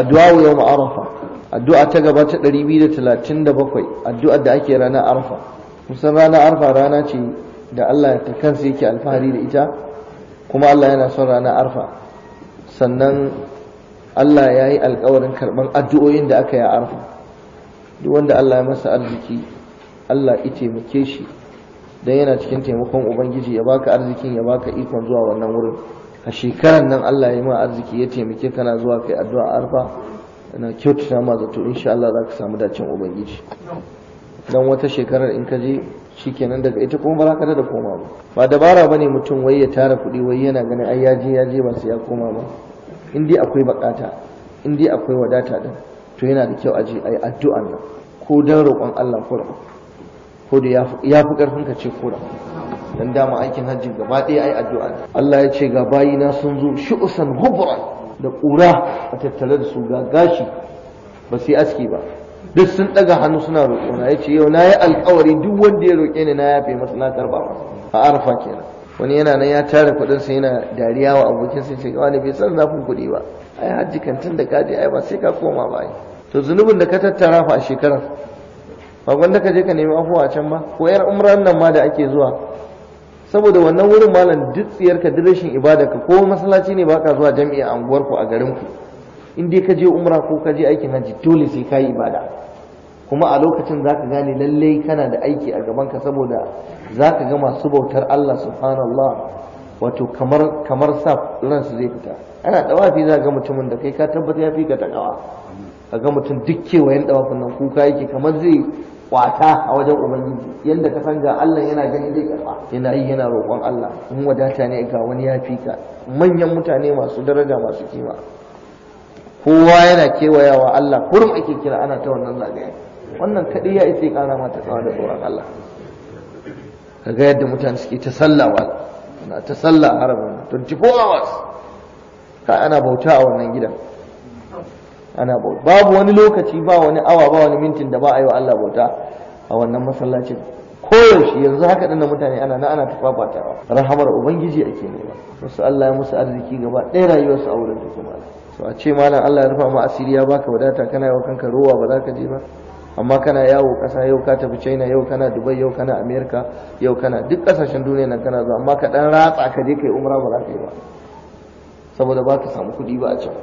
addu'a ma arafa addu'a ta gaba ta 237 addu'a da ake rana arafa kusan rana arfa rana ce da Allah ta kansa yake alfahari da ita kuma Allah yana son rana arfa. sannan Allah ya yi alkawarin karban addu'o'in da aka yi a arafa duk wanda Allah ya masa arziki Allah ya taimake shi dan yana cikin taimakon ubangiji ya baka arzikin ya baka ikon zuwa wannan wurin a shekarar nan Allah ya ma arziki ya taimake kana zuwa kai addu'a arfa na ta ma zato insha Allah za ka samu dacin ubangiji dan wata shekarar in ka je kenan daga ita kuma ba kada da koma ba ba dabara ne mutum wai ya tara kuɗi wai yana ganin ai ya je ya ba sai ya koma ba in dai akwai bakata in akwai wadata din to yana da kyau a je ai addu'an nan ko dan roƙon Allah ko da ya fi karfin ka ce ko da? dan dama aikin hajji gaba ɗaya ai addu'a Allah ya ce ga bayina sun zo shu'usan hubra da ƙura a tattare da su ga gashi ba sai aski ba duk sun ɗaga hannu suna roƙo ya ce yau na yi alƙawari duk wanda ya roƙe ni na yafe masa na karba masa a arfa kenan wani yana nan ya tare kuɗin sa yana dariya wa abokin sa ce wani bai san zafin kuɗi ba ai hajji kan tun da ka ai ba sai ka koma ba ai to zunubin da ka tattara fa a shekarar ba gwanda ka je ka nemi afuwa can ba ko yar umran nan ma da ake zuwa saboda wannan wurin malam duk tsiyarka duk rashin ka, ko masallaci ne baka zuwa jami'a a unguwarku a garinku in dai ka je umra ko ka je aikin hajji dole sai ka yi ibada kuma a lokacin zaka gane lallai kana da aiki a gaban ka saboda zaka ga masu bautar Allah subhanallah wato kamar kamar sa su zai fita ana dawafi za ga mutumin da kai ka tabbata ya fi ka takawa ga mutum duk kewayen dawafin nan kuka yake kamar zai kwata a wajen ubangiji yadda ka san ga Allah yana ganin zai karba yana yi yana roƙon Allah in wadata ne ga wani ya fi ka manyan mutane masu daraja masu kima kowa yana kewayawa Allah kurum ake kira ana ta wannan zagaye wannan kaɗai ya isa ƙara mata tsawa da tsoron Allah Ka ga yadda mutane suke ta sallawa, na ta sallah haramun 24 hours ka ana bauta a wannan gidan ana bauta babu wani lokaci ba wani awa ba wani mintin da ba a yi wa Allah bauta a wannan masallacin koyaushe yanzu haka dinna mutane ana na ana tafafata rahamar ubangiji ake nema wasu Allah ya musu arziki gaba ɗaya rayuwarsu a wurin da kuma to a ce malam Allah ya rufa ma asiri ya baka wadata kana yawa kanka ruwa ba za ka je ba amma kana yawo kasa yau ka tafi China yau kana Dubai yau kana America yau kana duk kasashen duniya nan kana zuwa amma ka dan ratsa ka je kai umra ba za ka yi ba saboda ba ka samu kuɗi ba a can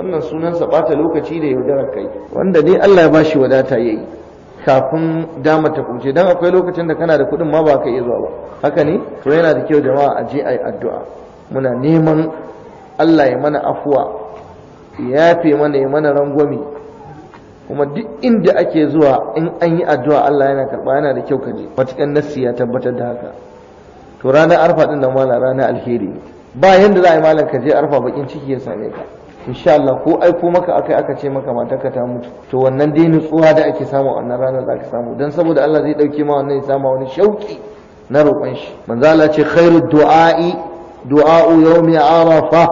wannan sunansa ɓata lokaci da yaudarar kai wanda dai Allah ya bashi wadata ya yi kafin dama ta kuce dan akwai lokacin da kana da kuɗin ma ba ka iya zuwa ba haka ne to yana da kyau jama'a a je a yi addu'a muna neman Allah ya mana afuwa ya yafe mana ya mana rangwami. kuma duk inda ake zuwa in an yi addu'a Allah yana karɓa yana da kyau ka je matukan nassi ya tabbatar da haka to ranar arfa din nan mala ranar alheri ba yanda za a yi malam ka je arfa bakin ciki ya same ka insha Allah ko aiko maka akai aka ce maka matarka ta mutu to wannan dai nutsuwa da ake samu a wannan ranar zaka samu dan saboda Allah zai dauke ma wannan ya sama wani shauki na roƙon shi manzo Allah ce khairu du'a'i du'a'u yawmi arafa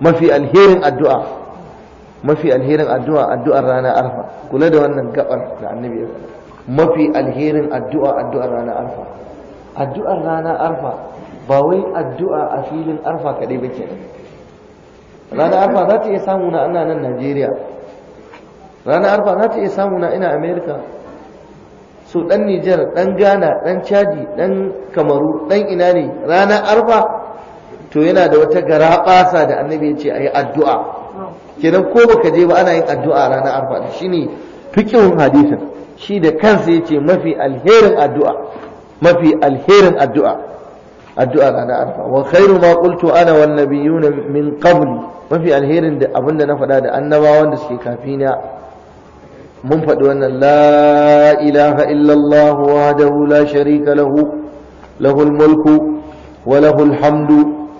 mafi alherin addu'a mafi alherin addu'a addu'ar ranar arfa kula da wannan gabar da annabi ya mafi alherin addu'a addu'ar ranar arfa addu'ar ranar arfa ba wai addu'a a filin arfa kaɗai ba kenan rana arfa za ta iya samu na ana nan najeriya rana arfa za ta iya samu na ina america su dan nijar dan ghana dan chadi dan kamaru dan ina ne rana arfa to yana da wata gara garaɓasa da annabi ya ce a yi addu'a kenan ko baka je ba ana yin addu'a ranar arfa ne fikin hadisin shi da kansa ya ce mafi alherin addu'a mafi alherin addu'a addu'a ranar arfa wa khairu ma qultu ana wan nabiyuna min qabli mafi alherin da abin da na faɗa da annabawan da suke kafina mun faɗi wannan la ilaha illallah wa dahu la sharika lahu lahul mulku wa lahul hamdu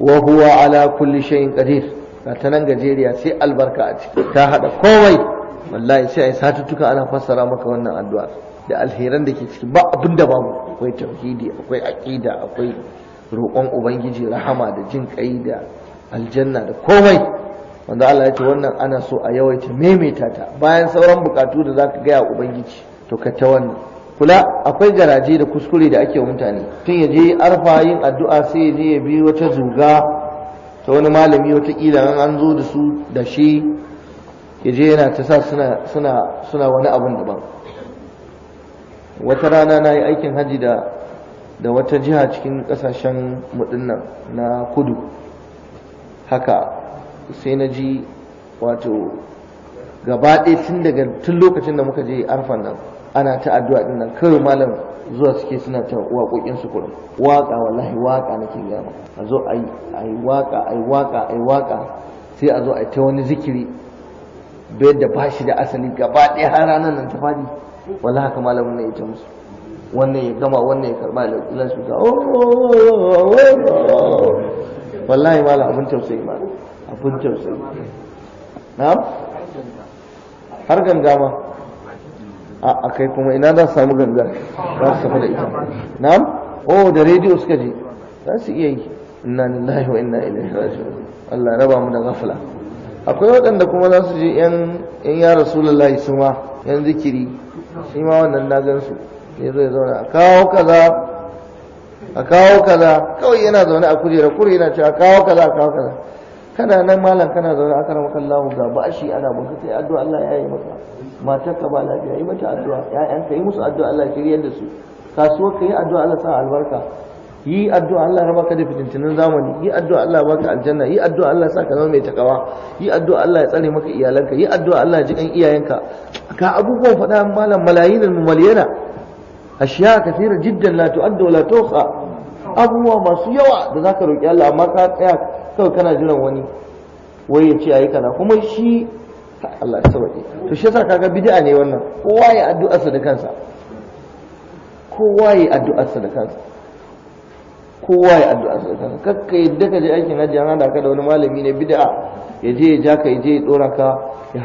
wa huwa ala kulli shay'in qadir ta nan gajeriya sai albarka a ciki ta hada kowai, wallahi sai ai satuttuka ana fassara maka wannan addu'a da alheran da ke cikin ba abinda babu akwai tauhidi akwai aqida akwai roƙon ubangiji rahama da jin kai da aljanna da komai wanda Allah ya ce wannan ana so a yawaita maimaita ta bayan sauran bukatu da zaka gaya ubangiji to ka ta wannan kula akwai garaje da kuskure da ake mutane tun ya je arfa yin addu'a sai ya ya bi wata zuga ta wani malami wata kila an zo da su da shi ya je yana ta sa suna wani abun daban wata rana na yi aikin haji da wata jiha cikin kasashen mudin na kudu haka sai na ji wato gabaɗe tun daga tun lokacin da muka je arfan nan ana ta addu'a din nan kawai malam zuwa suke suna ta waƙoƙin su kurum waƙa wallahi waƙa nake gaya a zo a yi waƙa a yi waƙa a yi waƙa sai a zo a yi ta wani zikiri bai da ba shi da asali gaba ɗaya har ranar nan ta fadi wala haka malamin na ita musu wannan ya gama wannan ya karba da ilan su ga wallahi mala abin tausayi ma abin tausayi na'am har ganga ma a kai kuma ina za su samu ganga za su tafi da ita na'am oh da rediyo suka je za su iya yi inna lillahi wa inna ilaihi raji'un Allah raba mu da gafla akwai waɗanda kuma za su je yan yan ya rasulullahi su ma yan zikiri shi ma wannan na gan su ne zai zauna kawo kaza a kawo kaza kawai yana zaune a kujera kuri yana cewa kawo kaza a kawo kaza kana nan malam kana zaune aka ramaka Allahu ga bashi ana bunka sai addu'a Allah ya yi maka matar ka ba lafiya yi mata addu'a 'Ya'yan ka yi musu addu'a Allah ya shiryar da su kasuwar ka yi addu'a Allah sa albarka yi addu'a Allah raba ka da fitintinin zamani yi addu'a Allah baka aljanna yi addu'a Allah sa ka zama mai takawa yi addu'a Allah ya tsare maka iyalanka yi addu'a Allah ya ji kan iyayenka ka abubuwan faɗa malam malayin mu maliyana ashiya kathira jiddan la tu'addu la tuhsa abubuwa masu yawa da zaka roki Allah amma ka tsaya kawai kana jiran wani wai ya ce ayi kana kuma shi Allah ya sauke to shi yasa kaga bid'a ne wannan kowa ya addu'arsa da kansa kowa ya addu'arsa da kansa kowa ya addu'arsa da kansa kakka yadda ka je aikin hajji an da ka da wani malami ne bid'a ya je ya ja ka ya je ya dora ka ya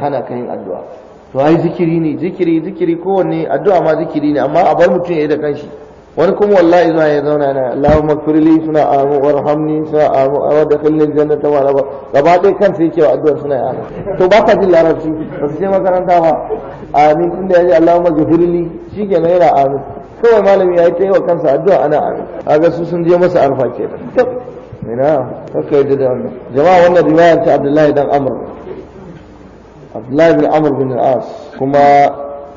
hana ka yin addu'a to ai zikiri ne zikiri zikiri kowanne addu'a ma zikiri ne amma a bar mutum ya yi da kanshi wani kuma wallahi zuwa ya zauna na Allahu magfirli suna amu warhamni suna amu wa dakhilni jannata wa raba gaba dai kansa yake wa addu'ar suna ya to ba ka jin larabci ba su makaranta ba amin da yaji Allahu magfirli shikenan yana amin kawai malami ya yi ta yi wa kansa addu'a ana amin kaga su sun je masa arfa kenan ina kaka yadda da jama'a wannan riwayar ta Abdullahi dan Amr abdullahi bin amr bin al-as kuma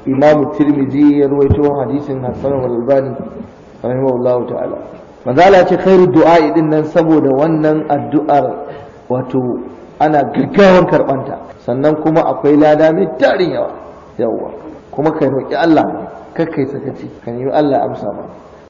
imamu tirmidhi ya ruwaito hadisin hasan al-albani rahimahullahu ta'ala manzala ce khairu du'a din nan saboda wannan addu'ar wato ana gaggawar karbanta sannan kuma akwai lada mai tarin yawa yawa kuma kai roki Allah kai sakaci kan yi Allah amsa ba